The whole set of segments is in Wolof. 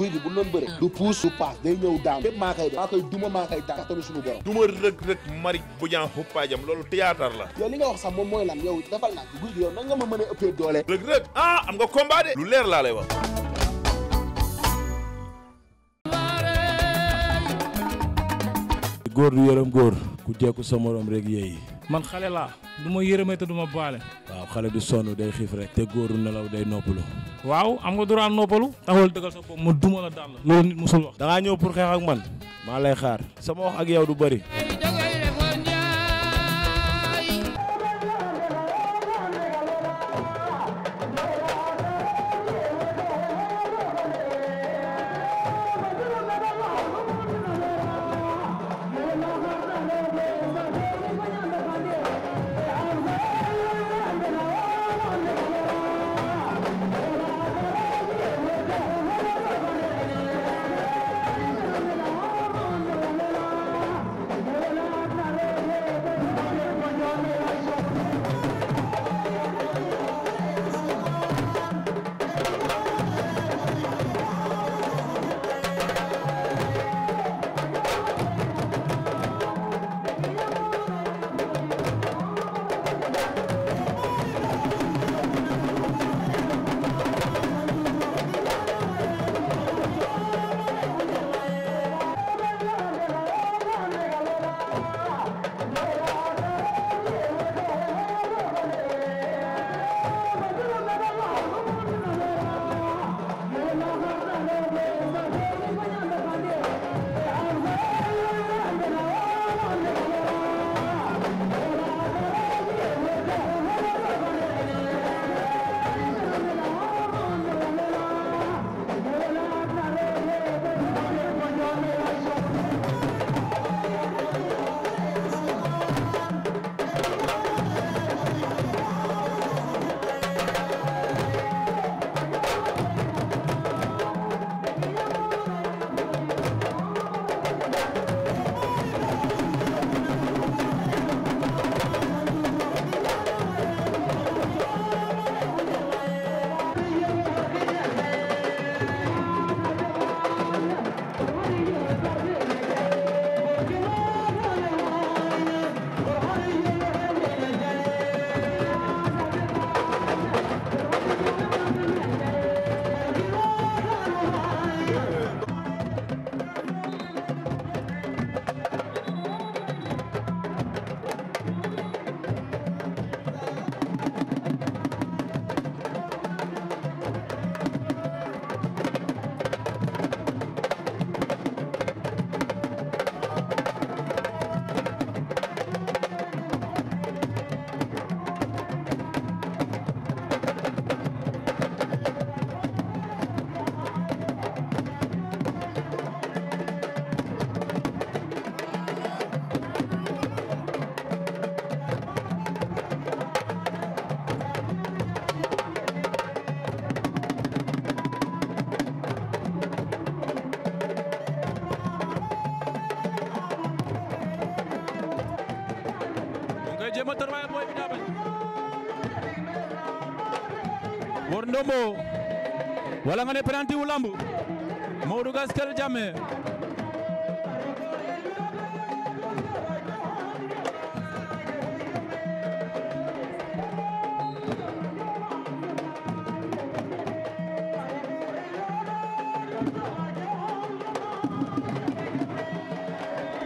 guy gi bu doon bëre ah. du puus du paas day ñëw daan lépp maa koy def duma maa koy daan suñu borom duma rëg-rëg mari bu ñaa xuppaajam loolu théâtre la yow li nga wax sax moom mooy lan yow defal naa guy gi yow nan nga mën a ëppee doole rëg-rëg ah am nga combat de lu leer laa lay wax góor du yërëm góor ku jekku sa morom rek yéeyi man xale laa du ma yërëmee te du ma baale waaw xale du sonn day xiif rek te góoru nelaw day noppalu waaw am nga droit noppalu taxawal dëggal sa bopp ma duma la daal la loolu nit musul wax da ngaa ñëw pour xeex ak man maa lay xaar sama wax ak yow du bëri jéem ndombo wala ne penalty wu lamb Modou Gaskel Jammeh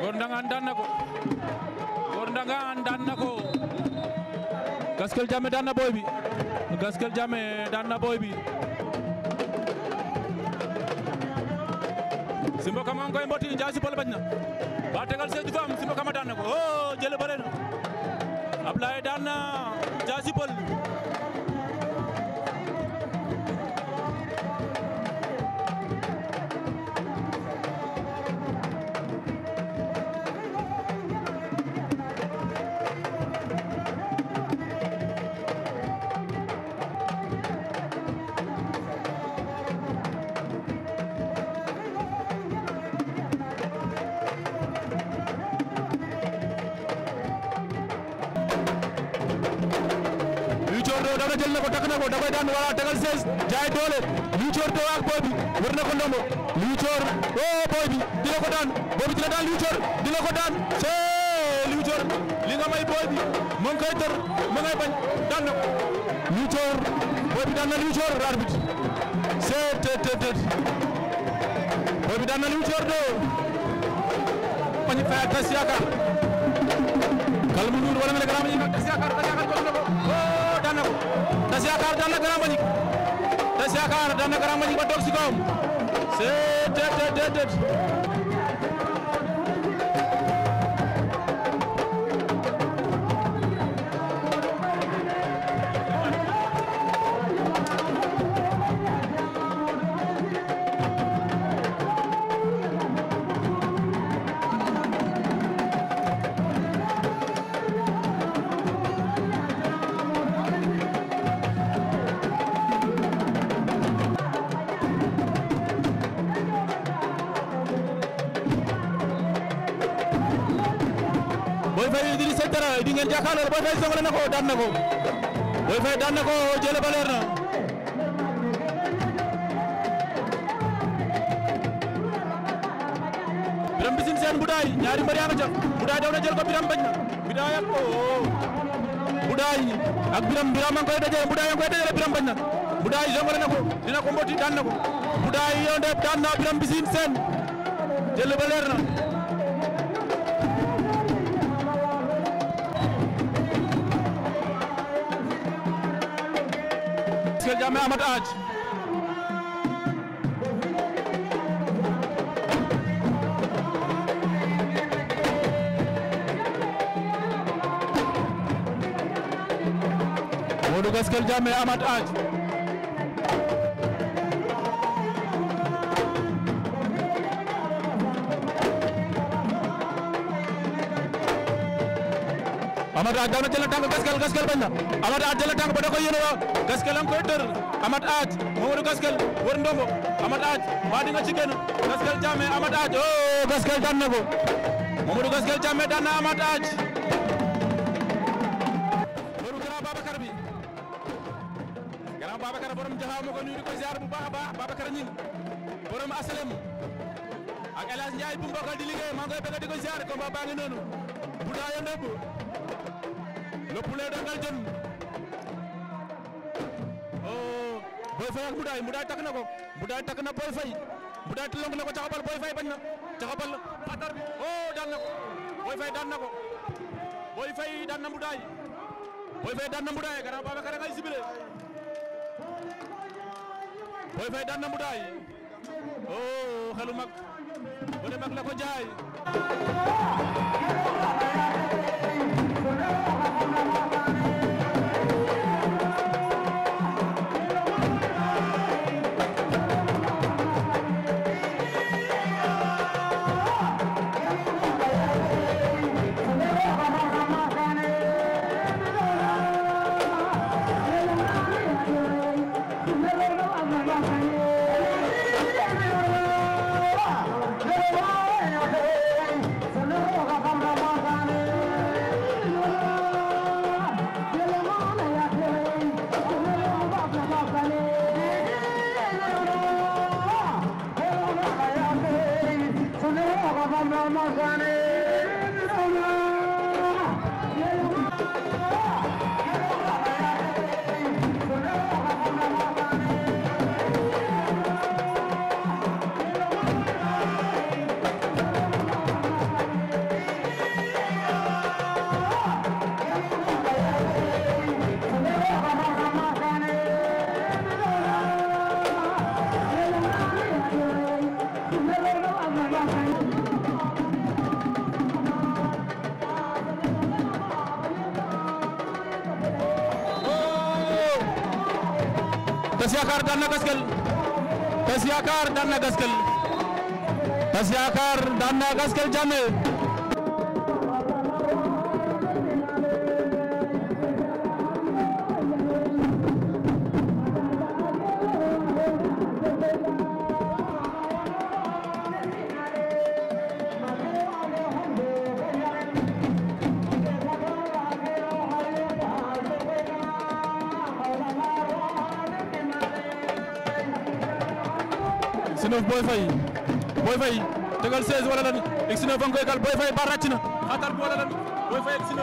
Ngor Ndangaan ko Gaskel Diamé Simbo Kama nga koy mbotti Ndiaye bañ na ba tegal seeju faam Simbo Kama daan na ko oh jële bëre na daan na Ndiaye Supal ko daw na jël na ko takk na ko dan koy daan wala tegal sees jaay doole Liu Thior teew ak booy bi war na ko ndombo Liu Thior oh booy bi ko daan booy bi dina daan Liu Thior dina ko daan see Liu li nga may booy bi mu ngi koy tër mu ngay bañ daan na ko Liu Thior booy bi daan see tët tët tët booy bi daan na Liu Thior doo pañ fay ak tas yaakaar kalmu wala mel ne garaam ñu tas Tass Yakar daan na Grand Mbagnick Tass Yakar daan na Grand Mbagnick ba toog si kawam c'est di ngeen jàkkaarloo Boy Faye songale na ko daan ko Boy Faye daan ko jële ba na Biram Mbissine Sène Boudaay ñaari mbër yaa ca Boudaay daw na ko Biram bañ na Boudaay ak oo ak Biram Biram a ngi koy dajale Boudaay a ngi koy Biram bañ na Boudaay songale na ko dina ko mboti ko Boudaay yow de Biram Mbissine Sène jële ba na Bakel Jammeh amat aaj Modou Gaskel Jammeh amat aaj Amat Aaj daw na jël Gaskel Gaskel bañ na Amat Aaj jël na ba da koy yéene waa Gaskel am koy tër Amat Aaj Mamadou Gaskel wër ndombo Amat Aaj waa di nga ci génn Gaskel Thiamé Amat Aaj oh Gaskel daan na ko Mamadou Gaskel Thiamé daan na Amat Aaj loolu grand Babacar bi grand Babacar borom jaxaaw ma ko nuyu di ko ziar bu baax a baax Babacar ñing borom asalem ak El Hadj Ndiaye bu mbokal di liggéey maa ngi koy bëgg di ko ziar baa ngi noonu bu daa yëndeeku le poulet de Ngaljon oh ak Mboudaay Mboudaay takk na ko Mboudaay takk na Boy Faye Mboudaay tilong ko caxabal Boy bañ na caxabal atar bi oh daan na ko Boy Faye daan na ko Boy Faye daan na Mboudaay Boy Faye daan na Mboudaay gannaaw Babacar ngay sibile Boy Faye daan na oh, xelu mag bu ne la ko jaay Tass Yakar daan na Gaskel Tass Yakar daan na Gaskel Tass Yakar daan na Gaskel Diamé X9 Boy Faye Boy Faye tegal 16 wala lan X9 a ngi koy kal Boy Faye ba ràcc na xatal bi wala lan Boy Faye X9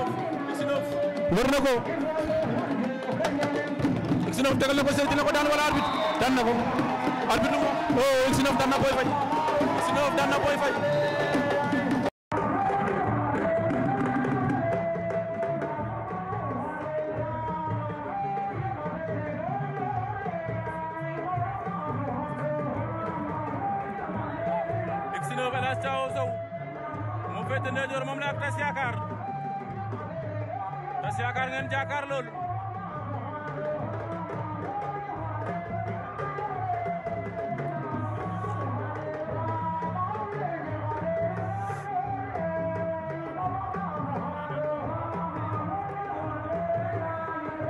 x ko X9 tegal na ko 16 dina ko daan wala arbitre daan X9 daan na Boy X9 daan na Boy 19 El Hadj Thiaw la ak Tass Yakar Tass lool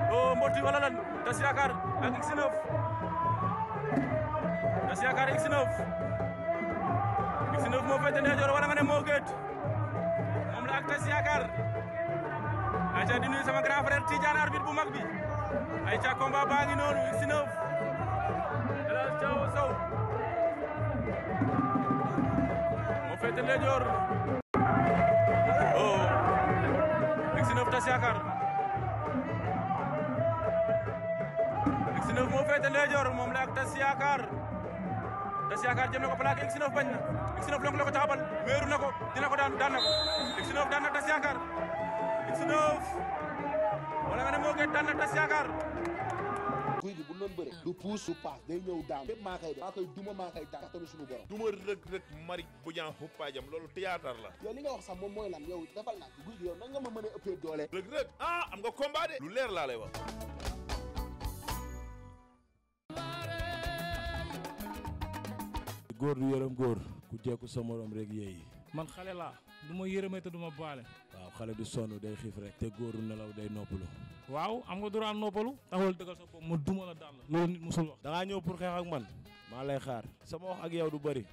o oh, mboti wala lan Tass Yakar ak X9 Tass Yakar 69 moo féete ndeyjoor wala nga ne moo gët moom la ak tas yaakaar ayca di nuyu sama grand frère Tidiane arbitre bu mag bi ayca combat baa ngi noonu 69 El Hadj Tass Yakar jëm na ko plaqué X9 bañ na X9 lonk la ko taxabal wéeru na ko dina ko daan daan na ko daan na Tass Yakar X9 wala nga moo koy daan na Tass Yakar ñëw daam lépp maa koy def maa koy duma maa daan kattanu suñu duma rëg rëg mari bu ñaan xuppaajam loolu théâtre la yow li nga wax sax moom mooy lan yow defal naa guy gi yow nan nga ma mën a ëppee doole rëg rëg ah am nga combat lu leer laa lay wax góor du yërëm góor ku jekku sa morom rek yeeyi. man xale laa du ma yërëmee te du ma baale. waaw xale du sonn day xiif rek. te góor du nelaw day noppalu. waaw am nga droit noppalu. taxawal dëggal sa bopp ma duma la daan la. loolu nit musul wax. da ngaa ñëw pour xeex ak man. maa lay xaar. sama wax ak yow du bëri.